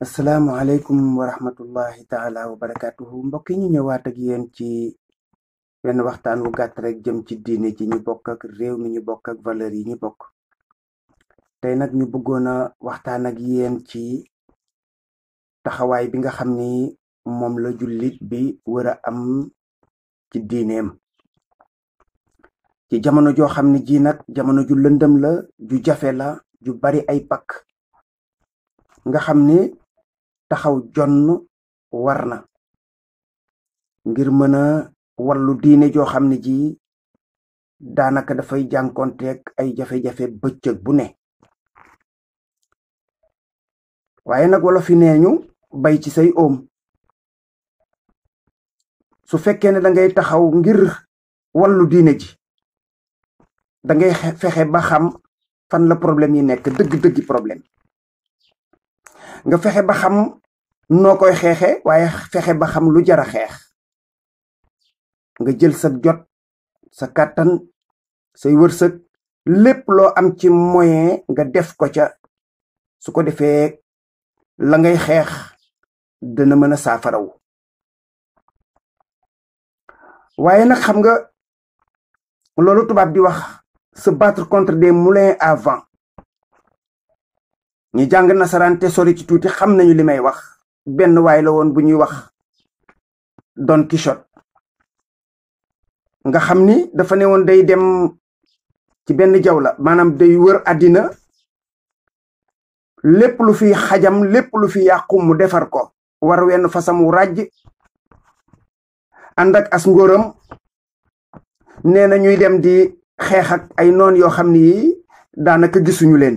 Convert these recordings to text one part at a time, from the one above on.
asalaamualeykum wa rahmatullahi taala wa barakatuhu mbokk yi ñu ñëwaat ak yéen ci benn waxtaan wu gàtt rek jëm ci diine ci ñu bokk ak réew mi ñu bokk ak valeur yi ñu bokk tey nag ñu bëggoon a waxtaan ak yéen ci taxawaay bi nga xam ni moom la jullit bi war a am ci diineem ci jamono joo xam ne ji nag jamono ju lëndëm la ju jafe la ju bari ay pakk nga xam ni taxaw jonn war na ngir mën a wallu diine joo xam ne ji daanaka dafay jànkonteeg ay jafe-jafe bëccëg bu ne waaye nag wala fi nee ñu bay ci say om su fekkee ne dangay taxaw ngir wallu diine ji dangay ngay fexe ba xam fan la problème yi nekk dëgg-dëggi problème nga fexe ba xam noo koy xeexe waaye fexe ba xam lu jar a xeex nga jël sa jot sa kàttan say wërsëg lépp loo am ci moyen nga def ko ca su ko defee la ngay xeex dana mën a saafaraw waaye nag xam nga loolu tubaab di wax se battre contre des moulins à ñi jàng nasaraan te sori ci tuuti xam nañu li may wax benn waay la woon bu ñuy wax Don Quichotte nga xam ni dafa ne woon day dem ci benn jaw la maanaam day wër àddina lépp lu fi xajam lépp lu fi yàqu mu defar ko war wenn fasamu ràjj ànd as ngóoram nee na ñuy dem di xeex ay noon yoo xam ni daanaka gisuñu leen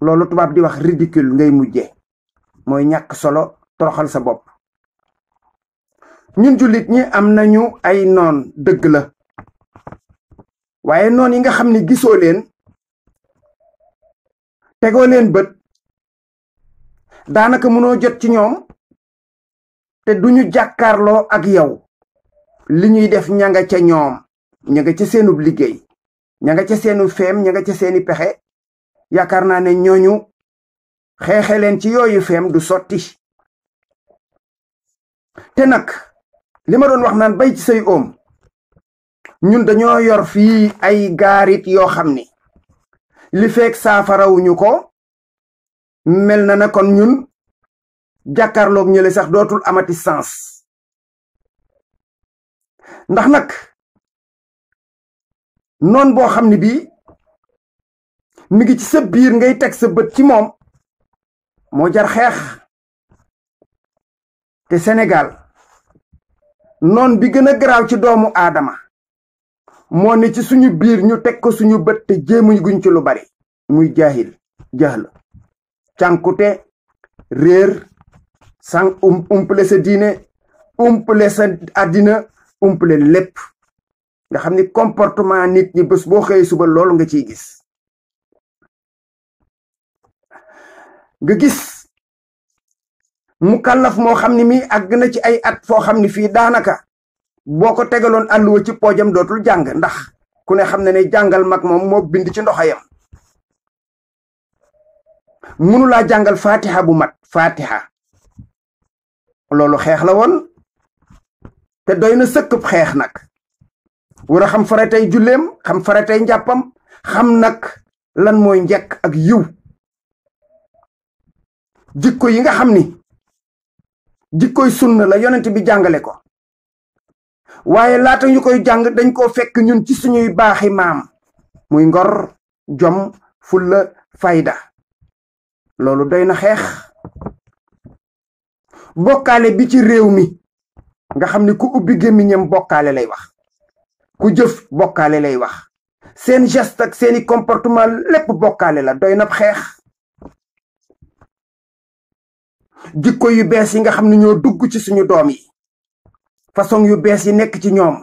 loolu tubaab di wax ridicule ngay mujje mooy ñàkk solo toroxal sa bopp ñun jullit ñi am nañu ay noon dëgg la waaye noon yi nga xam ne gisoo leen tegoo leen bët daanaka mënoo jot ci ñoom te duñu jàkkaarloo ak yow li ñuy def ña ca ñoom ña nga ca seenub liggéey ña nga ca seenu feem ña nga ca seeni pexe yaakaar naa ne ñooñu xeexe leen ci yooyu feem du sotti te nag lima doon wax naan bay ci say om ñun dañoo yor fii ay gaarit yoo xam ni li feek saafarawuñu ko mel na na kon ñun jàkkaarloog ñële sax dootul amati sens ndax nag noon boo xam ni bii mi ngi ci sa biir ngay teg sa bët ci moom moo jar xeex te Sénégal noon bi gën a garaaw ci doomu aadama moo ne ci suñu biir ñu teg ko suñu bët te jéemuñ guñ ci lu bari muy jaahil jahl cànkute réer sang um umpale sa diine umpale sa àddina umpale lépp nga xam ni comportement nit ñi bés boo xëyee suba loolu nga ci gis nga gis mu kàllaf moo xam ni mii àgg ci ay at foo xam ni fii daanaka boo ko tegaloon àlluwa ci poojam dootul jàng ndax ku ne xam ne ne jàngal mag moom moo bind ci ndoxayam mënulaa jàngal fatiha bu mat fatiha loolu xeex la woon te doy na sëkkëb xeex nag war xam faratay julleem xam faratay njàppam xam nag lan mooy njekk ak yiw jikko yi nga xam ni jikkoy sunna la yonent bi jàngale ko waaye laata ñu koy jàng dañ koo fekk ñun ci suñuy baaxi maam muy ngor jom fula fayda loolu doy na xeex bokkaale bi ci réew mi nga xam ni ku ubbi gémmiñam bokkaale lay wax ku jëf bokkale lay wax seen geste seeni comportement lépp bokkaale la doy na xeex jikko yu bees yi nga xam ne ñoo dugg ci suñu doom yi façon yu bees yi nekk ci ñoom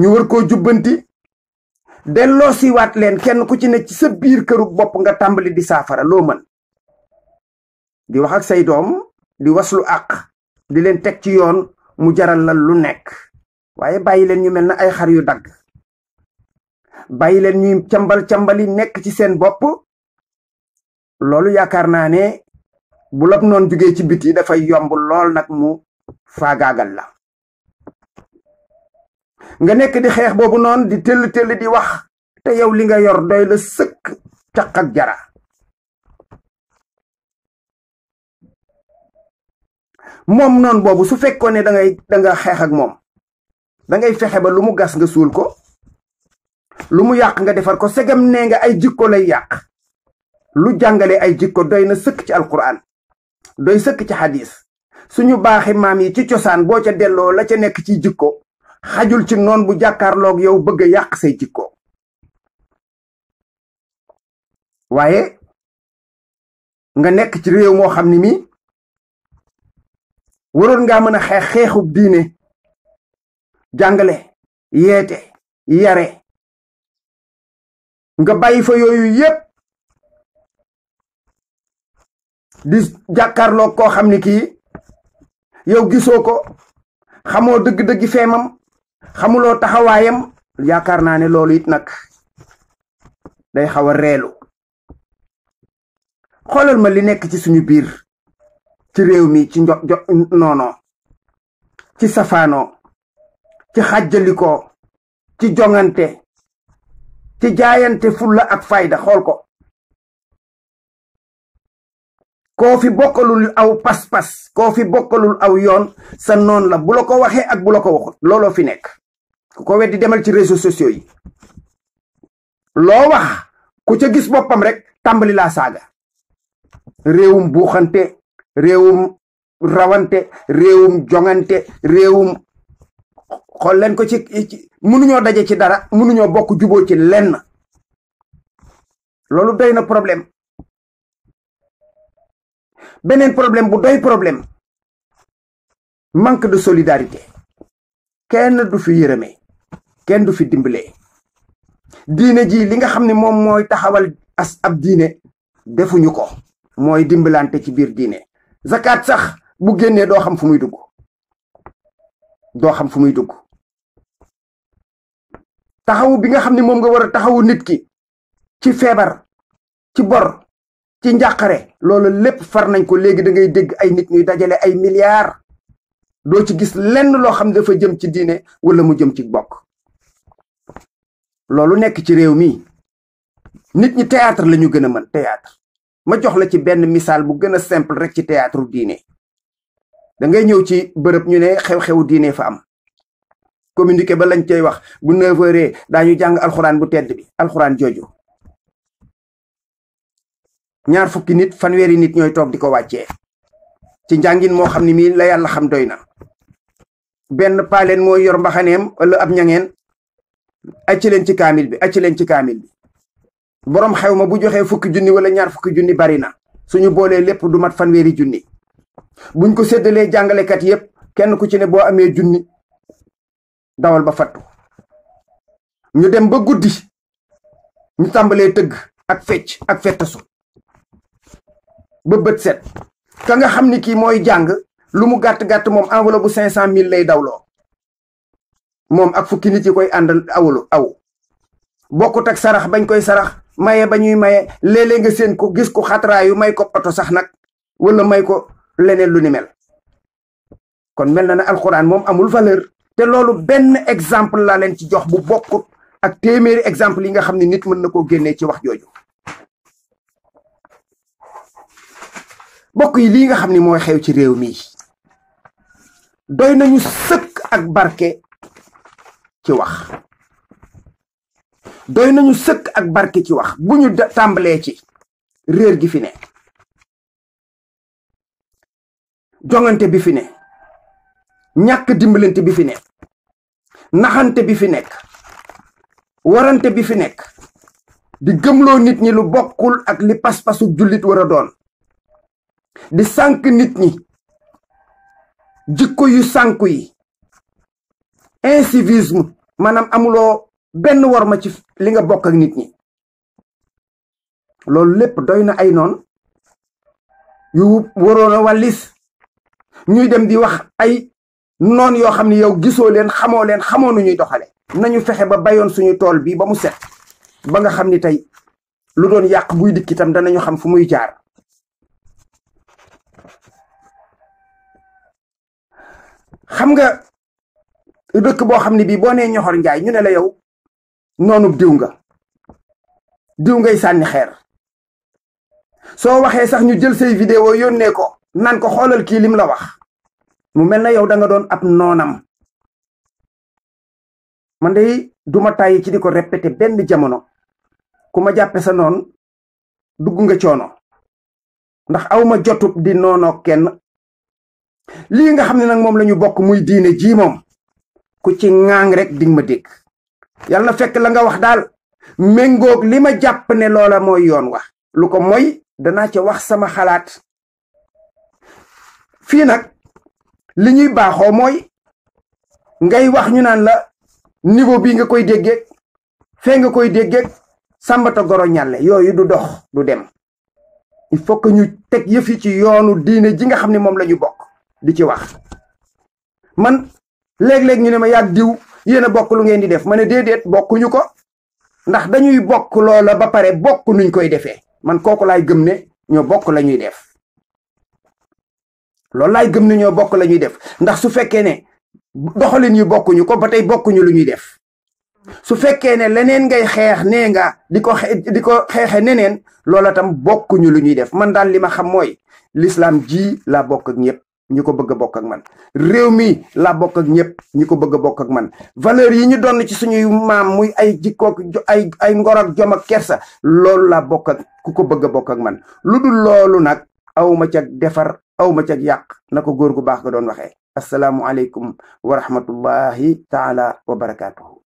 ñu war koo jubbanti delloo siwaat leen kenn ku ci nekk ci sa biir këru bopp nga tàmbali di saafara loo mën di wax ak say doom di was lu àq di leen teg ci yoon mu jaral lal lu nekk waaye bàyyi leen ñu mel na ay xar yu dagg bàyyi leen ñuy cambal cambali nekk ci seen bopp loolu yaakaar naa ne bu lab noonu jugee ci biti dafay yomb lool nag mu faagaagal la nga nekk di xeex boobu noon di tëll tëll di wax te yow li nga yor doy la sëkk caq ak jara moom noonu boobu su fekkoon ne danga ngay xeex ak moom dangay fexe ba lu mu gas nga suul ko lu mu yàq nga defar ko segam nee nga ay jikko lay yàq lu jàngale ay jikko doy na sëkk ci alquran doy sëkk ci xadis suñu baaxi maam yi ci cosaan boo ca delloo la ca nekk ci jikko xajul ci noon bu jàkkaarloog yow bëgg a yàq say jikko waaye nga nekk ci réew moo xam ni mi waroon ngaa mën a xeex xeexub diine jàngale yeete yare nga bàyyi fa yooyu yépp di jàkkaarloo koo xam ni kii yow gisoo ko xamoo dëgg-dëgg feemam xamuloo taxawaayam yaakaar naa ne loolu it nag day xaw a reelu xoolal ma li nekk ci suñu biir ci réew mi ci noono ci safaano ci xàjjalikoo ci joŋante ci jaayante fulla ak fayda xool ko koofi fi bokkalul aw pas-pas koo bokkalul aw yoon sa noon la bu la ko waxee ak bu la ko waxul looloo fi nekk ku ko weddi demal ci réseaux sociaux loo wax ku ca gis boppam rek tàmbali la saaga réewum buuxante réewum rawante réewum jongante réewum xool leen ko ci mënuñoo daje ci dara munuñoo bokk juboo ci lenn loolu doy na problème beneen problème bu doy problème manque de solidarité kenn du fi yërëmee kenn du fi dimbalee diine ji li nga xam ne moom mooy taxawal as ab diine defuñu ko mooy dimbalante ci biir diine zakat sax bu génnee doo xam fu muy dugg doo xam fu muy dugg taxawu bi nga xam ne moom nga war a taxawu nit ki ci feebar ci bor ci njàqare loolu lépp far nañ ko léegi da ngay dégg ay nit ñuy dajale ay milliards doo ci gis lenn loo xam ne dafa jëm ci diine wala mu jëm ci bokk loolu nekk ci réew mi nit ñi théâtre la ñu gën a mën théâtre ma jox la ci benn misaal bu gën a simple rek ci théâtre diine da ngay ñëw ci bërëb ñu ne xew xew diine fa am communiqué ba lañ cay wax bu 9h daañu jàng alxuraan bu tedd bi alxuraan jooju ñaar fukki nit fanweeri nit ñooy toog di ko wàccee ci njàngin moo xam ne mii la yàlla xam doy na benn paaleen mooy yor mbaxaneem wala ab ñangeen acc leen ci kaamil bi acc leen ci kaamil bi boroom xew ma bu joxe fukki junni wala ñaar fukki junni bari na suñu boolee lépp du mat fanweeri junni buñ ko seddalee jàngalekat yépp kenn ku ci ne boo amee junni dawal ba fattu ñu dem ba guddi ñu tàmbalee tëgg ak fecc ak fettasu ba bët set ka nga xam ni kii mooy jàng lu mu gàtt-gàtt moom enveloppe bu cinq cent mille lay dawloo moom ak fukki nit yi koy àndal awulu aw bokkut ak sarax bañ koy sarax maye ba ñuy maye léeg nga seen ko gis ko xatraayu may ko oto sax nag wala may ko leneen lu ni mel kon mel na ne alxuraan moom amul valeur te loolu benn exemple laa leen ci jox bu bokkut ak téeméeri exemple yi nga xam ne nit mën na koo génnee ci wax jooju mbokk yi lii nga xam ni mooy xew ci réew mi doy nañu sëkk ak barke ci wax doy nañu sëkk ak barke ci wax bu ñu tàmbalee ci réer gi fi ne jongante bi fi ne ñàkk dimbalante bi fi ne naxante bi fi nekk warante bi fi nekk di gëmloo nit ñi lu bokkul ak li pas jullit war a doon di sànq nit ñi jikko yu sànku yi incivisme maanaam amuloo benn war ci li nga bokk ak nit ñi loolu lépp doy na ay noon yu waroon a wàllis ñuy dem di wax ay noon yoo xam ne yow gisoo leen xamoo leen xamoo nu ñuy doxale nañu fexe ba bayoon suñu tool bi ba mu set ba nga xam ni tey lu doon yàq buy dikk itam danañu xam fu muy jaar xam nga dëkk boo xam ne bii boo nee ñoxor njaay ñu ne la yow noonu diw nga diw ngay sànni xeer soo waxee sax ñu jël say vidéo yónnee ko nan ko xoolal kii lim la wax mu mel na yow danga doon ab noonam man de duma tàyyi ci di ko répété benn jamono ku ma jàppe sa noon dugg nga coono ndax awma jotub di noonoo kenn lii nga xam ne nag moom la ñu bokk muy diine jii moom ku ci ŋaang rek di ma dégg yàlla fekk la nga wax daal méngoog li ma jàpp ne loola mooy yoon wax lu ko mooy danaa ca wax sama xalaat fii nag li ñuy baaxoo mooy ngay wax ñu naan la niveau bii nga koy déggeeg fee nga koy déggeeg sàmbata goro ñàlle yooyu du dox du dem il faut ñu teg yëf yi ci yoonu diine ji nga xam ne moom lañu bokk di ci wax man léeg-léeg ñu ne ma yàgg diw yéen a bokk ngeen di def ma ne déedéet bokkuñu ko ndax dañuy bokk loola ba pare bokk nuñ koy defee man kooku laay gëm ne ñoo bokk la ñuy def loolu laay gëm ne bokk la ñuy def ndax su fekkee ne doxalin yu bokkuñu ko ba tey bokkuñu lu ñuy def su fekkee ne leneen ngay xeex nee nga di ko ko xeexe neneen loola tam bokkuñu lu ñuy def man daal li ma xam mooy lislaam ji laa bokk ak ñi ko bëgg a bokk ak man réew mi laa bokk ak ñëpp ñi ko bëgg a bokk ak man valeur yi ñu doon ci suñuy maam muy ay jikkook ay ay ngor jom ak kersa loolu laa bokk ak ku ko bëgg a bokk ak man lu dul loolu nag awma ca defar awma ca yàq na ko góor gu baax ga doon waxee asalaamualeykum wa rahmatullahi taala wa barakaatuhu